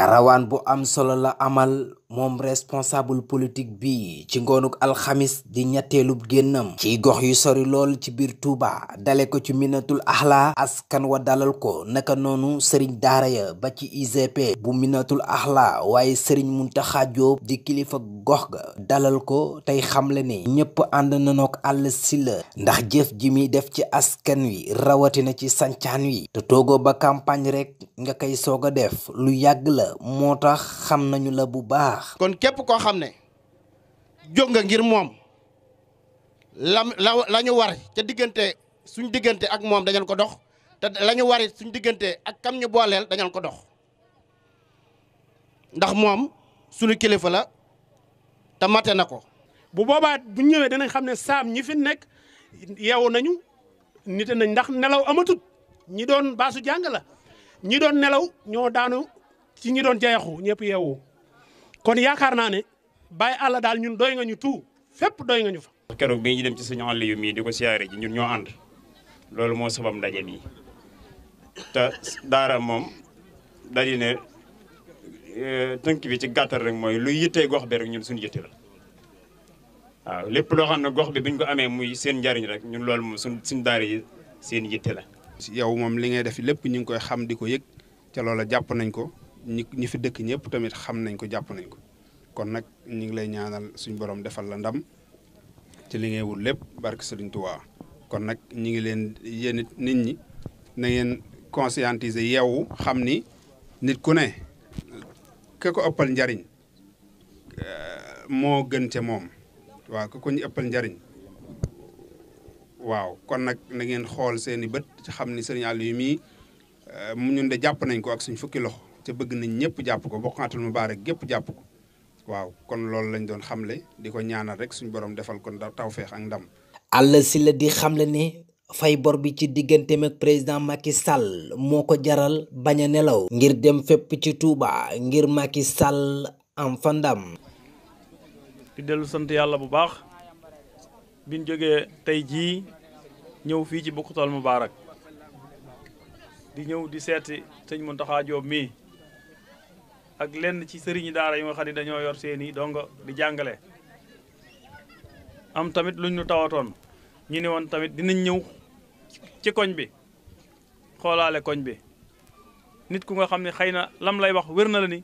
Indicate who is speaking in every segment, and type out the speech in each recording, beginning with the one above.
Speaker 1: karawaan bu am solo la amal moom responsable politique bi ci ngoonuk alxamis di ñetteelub génnam ci gox yu sori lool ci biir Touba dale ko ci minatul axla askan wa dalal ko naka noonu sëriñ daara ya ba ci IGP bu minatul axla waaye sëriñ Muntaxa Jóob di kilifa gox ga dalal ko tey xamle ne ñépp ànd nanook àll silla ndax jëf ji muy def ci askan wi rawatina ci sancaan yi te toogoo ba campagne rek nga koy soog a def lu yàgg la moo tax xam nañu la bu baax kon
Speaker 2: képp koo xam ne jóg nga ngir moom lam la ñu war ca diggante suñ diggante ak moom dañu ko dox te la ñu war suñ diggante ak kam ñu booleel dañu ko dox ndax moom suñu kilifa la te mate na ko.
Speaker 3: bu boobaa bu ñëwee danañ xam ne saam ñi fi nekk yeewu nañu nite nañ ndax nelaw amatut ñi doon baasu jàngala ñi doon nelaw ñoo daanu ci ñi doon jayaxu ñëpp yeewu. kon yaakaar naa ne bàyyi àlla daal ñun doy nga ñu tout fépp doy nga ñu fa.
Speaker 2: keroog bi ñu dem ci suñu àll mii di ko siyaare ji ñun ñoo ànd loolu moo sabam ndaje bi te daara moom dañu ne euh, tënk bi ci gàttal rek mooy luy yittee gox bi rek ñun suñu yitte la waaw lépp loo xam ne gox bi buñ ko amee muy seen njariñ rek ñun loolu moom suñ suñ daara yi seen yitte la.
Speaker 3: yow moom li ngay def lépp ñu ngi koy xam di ko yëg ca loola jàpp nañ ko. ñi ñi fi dëkk ñëpp tamit xam nañ ko jàpp nañ ko kon nag ñu ngi lay ñaanal suñu borom defal la ndam ci li ngay wut lépp barke Sëriñ Tuubaa kon nag ñi ngi leen yéen nit ñi na ngeen conscientiser yeewu xam ni nit ku ne ke ko ëppal njariñ eh, moo gën ca moom waaw ke ko ñu ëppal njariñ waaw kon nag na ngeen xool seeni bët ci xam ni Sëriñ Aliou mii eh, ñun de jàpp nañ ko ak suñ fukki loxo te bëgg nañ ñëpp jàpp ko bokkaatul mubaarak gépp jàpp ko waaw kon loolu lañ doon xamle di ko
Speaker 1: ñaanal rek suñu boroom defal ko tawféex ak ndam. Alla Sylla di xamle ni fay bor bi ci digganteem ak président Macky Sall moo ko jaral bañ a nelaw. ngir dem fépp ci tuuba ngir Macky Sall am fa ndam.
Speaker 4: di dellu sant yàlla bu baax biñ jógee tey jii ñëw fii ci Boukhatoul Moubarak di ñëw di seeti sëñ Mountakha Diop mii. ak lenn ci sëriñi daara yi nga xam ne dañoo yor seeni dongo di jàngale am tamit luñ ñu tawatoon ñu ne woon tamit dinañ ñëw ci koñ bi xoolaale koñ bi nit ku nga xam ne xëy na lam lay wax wér na la ni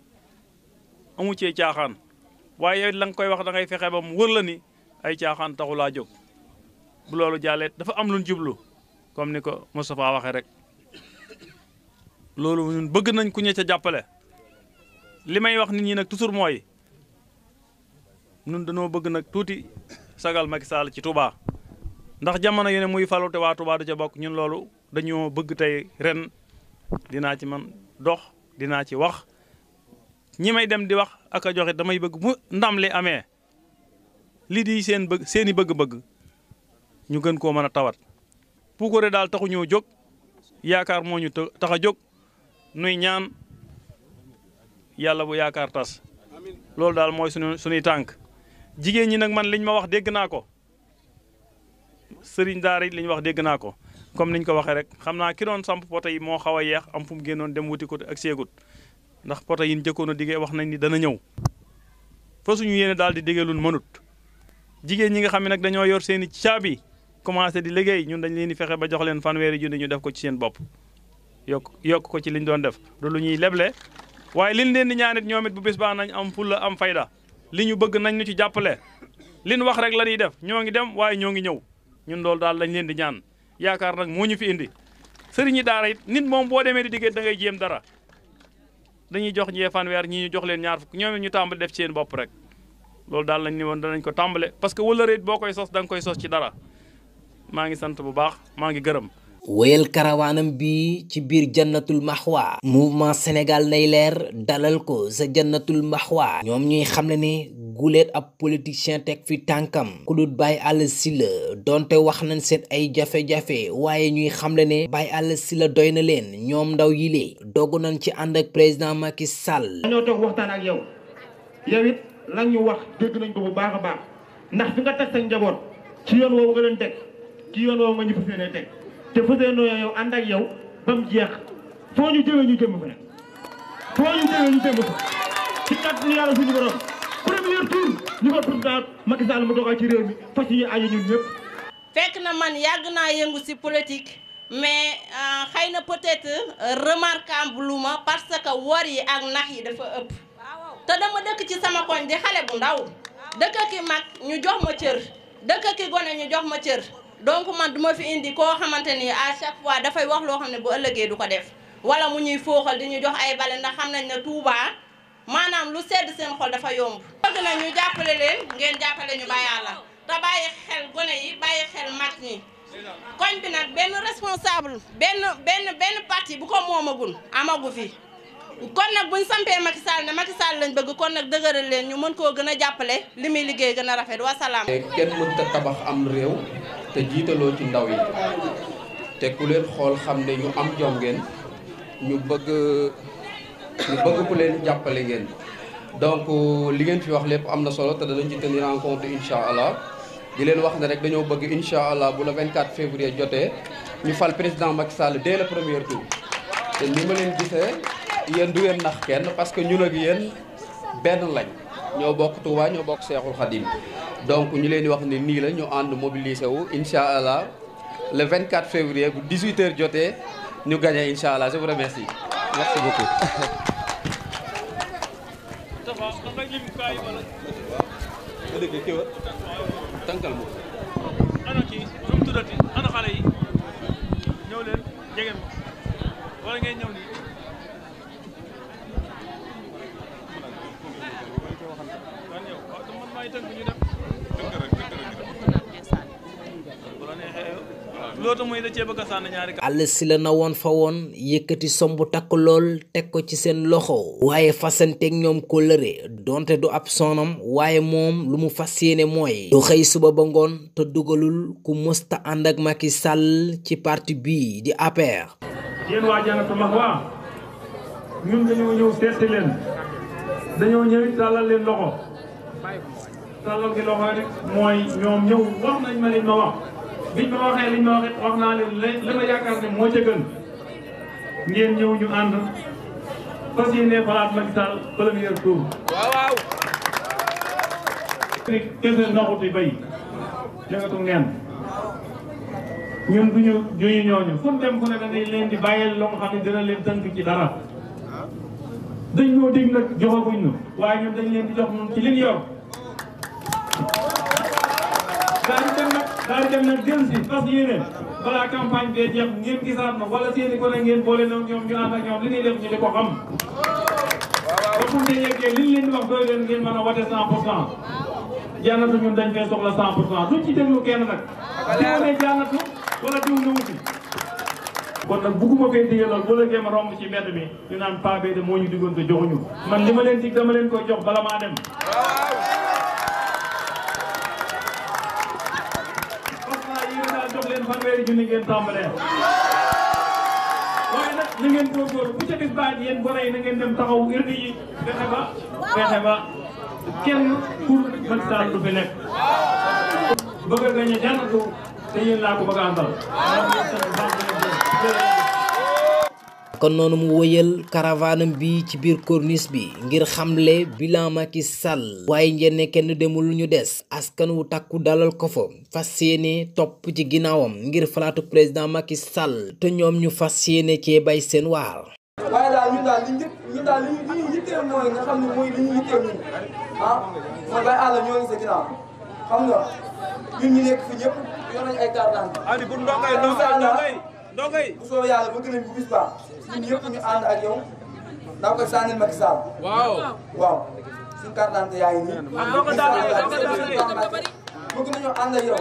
Speaker 4: amu cee caaxaan waaye yow it koy wax dangay fexe ba mu wër la ni ay caaxaan taxu laa jóg bu loolu jàllee dafa am lu jublu comme ni ko Moustapha waxee rek loolu ñun bëgg nañ ku ñu ca jàppale li may wax nit ñi nag toujours mooy nun dañoo bëgg nag tuuti sagal Macky Sall ci Touba ndax jamono yu ne muy falu te waa Touba ca bokk ñun loolu dañoo bëgg tey ren dinaa ci man dox dinaa ci wax ñi may dem di wax ak a joxe damay bëgg mu ndam li amee li di seen bëgg seeni bëgg-bëgg ñu gën koo mën a tawat puukare daal taxu ñoo jóg yaakaar moo ñu tax a jóg nuy ñaan yàlla bu yaakaar tas loolu daal mooy sunu suñuy tànk jigéen ñi nag man liñ ma wax dégg naa ko sëriñ daara liñ wax dégg naa ko comme niñ ko waxee rek xam naa ki doon samp poto yi moo xaw a yeex am fu mu génnoon dem wuti ko ak seegut ndax poto yi ñu jëkkoon a diggee wax nañ ni dana ñëw fa suñu yéene daal di diggee lu mënut jigéen ñi nga xam ne nag dañoo yor seen i caabi commencé di liggéey ñun dañ leen di fexe ba jox leen fanweeri junni ñu def ko ci seen bopp yokk yokk ko ci liñ doon def waaye liin leen di ñaanit ñoomit bu bis baa nañ am fulla am fayda li ñu bëgg nañ ñu ci jàppale liñ wax rek la ñuy def ñoo ngi dem waaye ñoo ngi ñëw ñun loolu daal lañ leen di ñaan yaakaar nag moo ñu fi indi sëriñi daara it nit moom boo demee di diggéen da ngay jéem dara dañuy jox ñee fanweer ñii ñu jox leen ñaar fukk ñoom ñu tàmbali def seen bopp rek loolu daal lañ ni woon danañ ko tàmbale parce que wëllëreet boo koy sos danga koy sos ci dara maa ngi sant bu baax maa ngi gërëm
Speaker 1: wéyal karawaanam bi ci biir jannatul maxwa mouvement Sénégal nay leer dalal ko sa jannatul maxwa ñoom ñuy xam ne ni guleet ab politicien teg fi tànkam ku dut àll si Sylla donte wax nañ seen ay jafe-jafe waaye ñuy xamle ne Baye Alla Sylla doy na leen ñoom ndaw yi lee dogu nañ ci ànd ak président Macky Sall.
Speaker 2: dañoo toog waxtaan ak yow yow it la wax dégg nañ ko bu baax baax ndax fi nga teg sa njaboot ci yoon woowu nga leen teg ci yoon woowu nga te fas yéenoo yow ànd ak yow ba mu jeex foo ñu jëwee ñu jëm foo ñu jëwee ñu jëm fa ci kat ni yàlla suñu borom premier tour ñu ko président Macky Sall mu dogal ci fas ñu aju ñun ñëpp.
Speaker 1: fekk na man yàgg naa yëngu si politique mais euh, xëy na peut-être euh, remarquable lu ma parce que wor yi ak nax yi dafa ëpp te dama dëkk ci sama koñ di xale bu ndaw dëkk ki mag ñu jox ma cër dëkk ki gone ñu jox ma cër. donc man du ma fi indi koo xamante nii à chaque fois dafay wax loo xam ne bu ëllëgee du ko def wala mu ñuy fooxal di ñu jox ay bale ndax xam nañ ne Touba maanaam lu sedd seen xol dafa yomb. bëgg na ñu jàppale leen ngeen jàppale ñu ba yàlla te bàyyi xel gone yi bàyyi xel mag ñi koñ bi nag benn responsable benn benn benn parti bu ko moomagul amagu fi. kon nag buñ sampee Macky Sall ne Macky Sall lañ bëgg kon nag dëgëral leen ñu mën koo gën a jàppale li muy liggéey gën a rafet wasalaam. kenn
Speaker 3: mënta tabax am réew. te jiitaloo ci ndaw yi te ku leen xool xam ne ñu am jom ngeen ñu bëgg ñu bëgg ku leen jàppale ngeen donc euh, li ngeen fi wax lépp am na solo te danañ ci tenir en compte incha allah di leen wax ne rek dañoo bëgg incha allah bu la 24 février jotee ñu fal président Macky Sall dès le premier te ni ma leen gisee yéen du ngeen nax kenn parce que ñun ak yéen benn lañ ñoo bokk Touba ñoo bokk Seexul Xadim donc nous allons nous ni mobiliser InshaAllah. le 24 février 18h nous ñu gagné je vous remercie merci beaucoup.
Speaker 1: moo na woon fa woon yëkkati somb takk lool teg ko ci seen loxo waaye fasanteeg ñoom kóllëre donte du ab sonam waaye moom lumu fas yéene mooy du xëy suba ba ngoon te dugalul ku mësta ànd ak Macky Sall ci parti bii di APR
Speaker 4: yéen waa Janatu Mahwa ñun dañoo mooy ñoom ñëw wax nañ ma liñ ma wax biñ ma wax naa leen li ma yaakaar ne moo ca gën ngeen ñëw ñu ànd fas yéene falaat Macky Sall premier tour. waaw waaw. kese noxut yi bay jëngatu ngeen ñun ñu duñu ñooñu fu dem fu ne dañuy leen di bàyyil loo xam ne dina leen tënk ci dara dañ ñoo dig nag joxaguñ ñu waaye ñun dañ leen di jox ñun ci liñ yor. daal di dem nag dem si fas yéene balaa bee jeex ngeen gisaat ma wala seeni ko ne ngeen boole na li ñu di ko xam. ba bu ñu yeggee li ngeen mën a wote 100 pour cent ñun dañ fee soxla 100 pour cent duñ ci déglu kenn nag. diw ne jànnatu wala diw ne wuti. kon nag bugguma fee digee loolu boo leen romb ci mbedd mi ñu naan paa bee de moo ñu diggoon te joxuñu man li ma leen dig dama leen koy jox bala maa dem. fanweeri junni ngeen tàmbalee waaye nag na ngeen góorgóorlu bu ca bis baaj yéen gone yi na ngeen dem taxaw irdi yi fexe ba fexe ba kenn pour mën saan du fi bëgg a gañe jànn te yéen laa ko bëgg a àndal
Speaker 1: kon noonu mu wëyal caravanam bi ci biir corniche bi ngir xamle bilan Macky Sall waaye njenne kenn demul ñu des askan wu takku dalal ko fa fas yéene topp ci ginnaawam ngir falaatu président makis Sall te ñoom ñu fas yéene cee bay seen waar.
Speaker 2: ndongay bu soobee yàlla bëgg nañ bu bis baax ñun ñëpp ñu ànd ak yow ndax ko sànnil Macky Sall waaw waaw suñu carte d'identité yaa ngi nii ah, bëgg nañoo ànd ak yow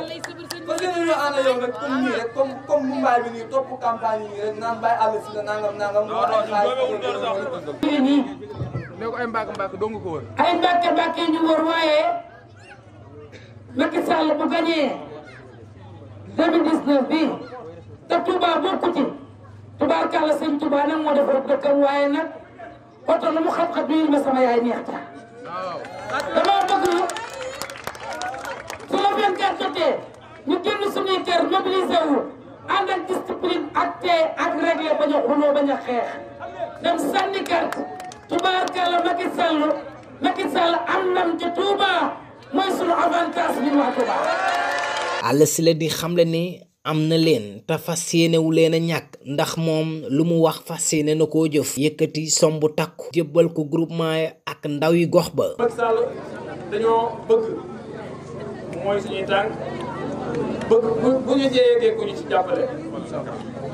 Speaker 2: parce que dañoo ànd ak yow rek comme nii rek comme comme mumbaay bi nii topp campagne yi nii rek naan bàyyi nangam nangam nii nii ne ay mbàkk mbàkk doo ay mbàkk ñu wër waaye
Speaker 1: Macky Sall bu gañee 2019 bi te Touba bokku ci Touba Kalla sëñ Touba waaye nag oto lu mu xam-xam ma sama yaay neex ta dama bëgg su la 24 jotee ñu génn suñuy kër mobilisé wu ànd ak discipline ak tey ak réglé bañ a xeex dem sànni carte Touba Kalla Macky Sall Macky Sall am nam ci Touba mooy suñu avantage la di xamle am na leen te fas yéenewu leen a ñàkk ndax moom lu mu wax fas yéene na koo jëf yëkkati somb takku jébbal ko groupement yi ak ndaw yi gox ba
Speaker 4: bëgg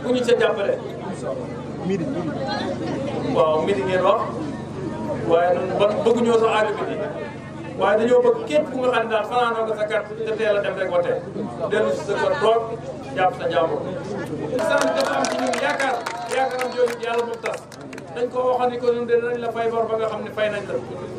Speaker 4: ñoo sax àgg midi waaye dañoo bëgg képp ku nga xam ne daal fanaan sa carte te teel a dem rek wote dellu si sa kër toog jàpp sa jàmbur. sant dafa am ci ñun yaakaar yaakaaram jooju yàlla moom tas dañ ko waxoon ni ko ñun de dinañ la fay bor ba nga xam ne fay nañ la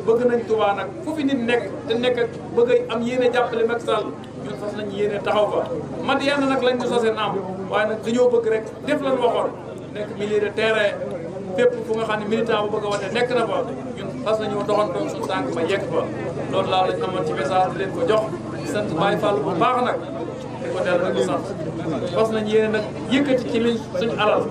Speaker 4: bëgg nañ Touba nag fu fi nit nekk te nekk ak bëgg am yéene jàppale Macky Sall ñun fas nañ yéene taxaw fa. Madiana nag lañ ñu sosee naam waaye nag dañoo bëgg rek def lan waxoon nekk milieu de terrain fépp fu nga xam ne militant bu bëgg a wane nekk na fa ñun fas nañoo doxantu suñu tànk ba yegg fa loolu laa lañ amoon ci message di leen ko jox. di sant Baye Fall bu baax nag di ko dellu rek di sant fas nañ yéene nag yëkkati ci liñ suñu alal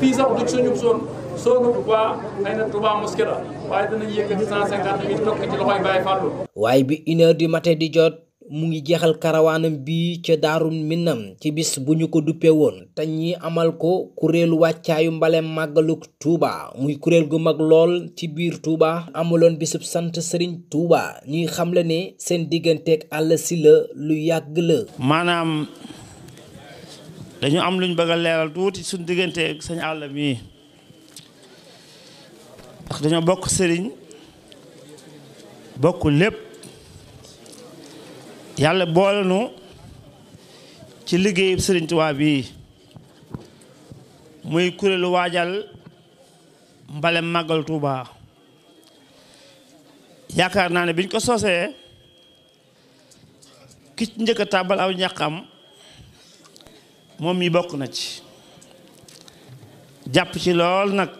Speaker 4: fii sax du suñu zone zone bu baax xëy na Touba Mosquée la waaye dinañ yëkkati 150 mille toog ci loxoy Baye Fall.
Speaker 1: waaye bi une heure du di jot. mu ngi jeexal karawaanam bi ca daaru minam ci bis bu ñu ko duppe woon te ñi amal ko kuréelu wàccaayu mbale màggaluk tuuba muy kuréel gu mag lool ci biir Touba amuloon bisub sant sëriñ Touba ñuy xamle ne seen digganteeg Alla Sylla lu yàgg la maanaam
Speaker 2: dañu am luñ bëgg leeral tuuti suñ digganteeg sañ Alla mii ndax dañoo bokk sëriñ bokk lépp yàlla boole nu ci liggéeyu Sëriñ Tuubaa bii muy kuréelu waajal mbale màggal Tuubaa yaakaar naa ne biñ ko sosee ki ci njëkk a aw ñaqam moom mi bokk na ci jàpp ci lool nag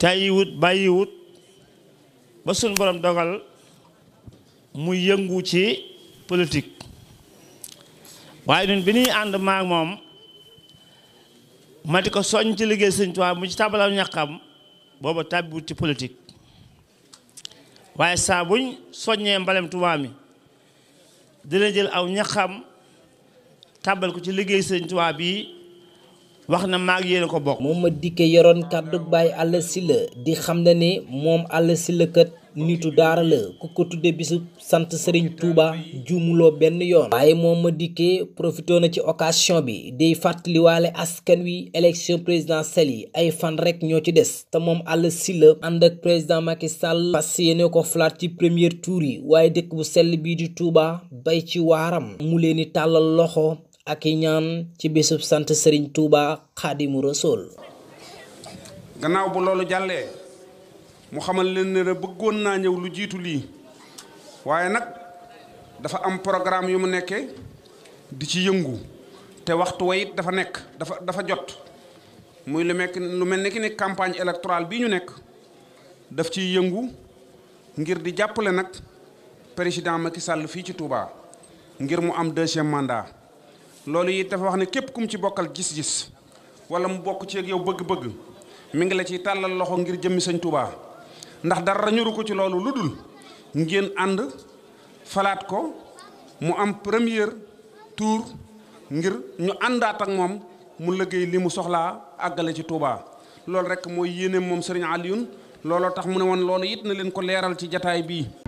Speaker 2: tàyyiwut bàyyiwut ba suñ borom dogal mu yëngu ci politik waaye ñun bi ñuy ànd maak moom ma di ko soññ ci liggéey Sëñ Tuubaa mu ci tabalaw ñàkkam booba tàbbiwut ci politik waaye saa buñ soññee mbalem Tuubaa mi dina jël aw ñaxam tàbbal ko ci liggéey
Speaker 1: Sëñ Tuubaa bi wax na maag yéen ko bokk moom ma dikkee yoroon kàddu Baay Alla Sylla di xam ne ni moom Alla Sylla kët nitu daara la ku ko tudde bisu sant Serigne Touba juumuloo benn yoon waaye moom ma dikkee profité na ci occasion bi day fàttaliwaale askan wi élection présidentielle yi ay fan rek ñoo ci des te moom Alla Sylla ànd ak président Macky Sall fas yéene ko falaat ci premier tour yi waaye dëkk bu sell bii di Touba bay ci waaram mu leen di tàllal loxo ak i ñaan ci bisub sant Serigne Touba Xaadimu Rasuul
Speaker 3: gannaaw mu xamal leen ne bëggoon naa ñëw lu jiitu lii waaye nag dafa am programme yu mu nekkee di ci yëngu te waxtu wa it dafa nekk dafa dafa jot muy lu mekk lu mel ni ki ne campagne électorale bii ñu nekk daf ciy yëngu ngir di jàppale nag président Macky sàll fii ci Touba ngir mu am deuxième mandat loolu it dafa wax ne képp kum ci bokkal gis-gis wala mu bokk ci ak yow bëgg-bëgg mi ngi la ciy tàllal loxo ngir jëmmi sëñ Touba. ndax dara ñuru ko ci loolu lu dul ngeen ànd falaat ko mu am premier tour ngir ñu àndaat ak moom mu liggéey li mu soxlaa àggale ci Touba loolu rek mooy yéene moom Serigne Alioune looloo tax mu ne woon loolu it na leen ko leeral ci jataay bii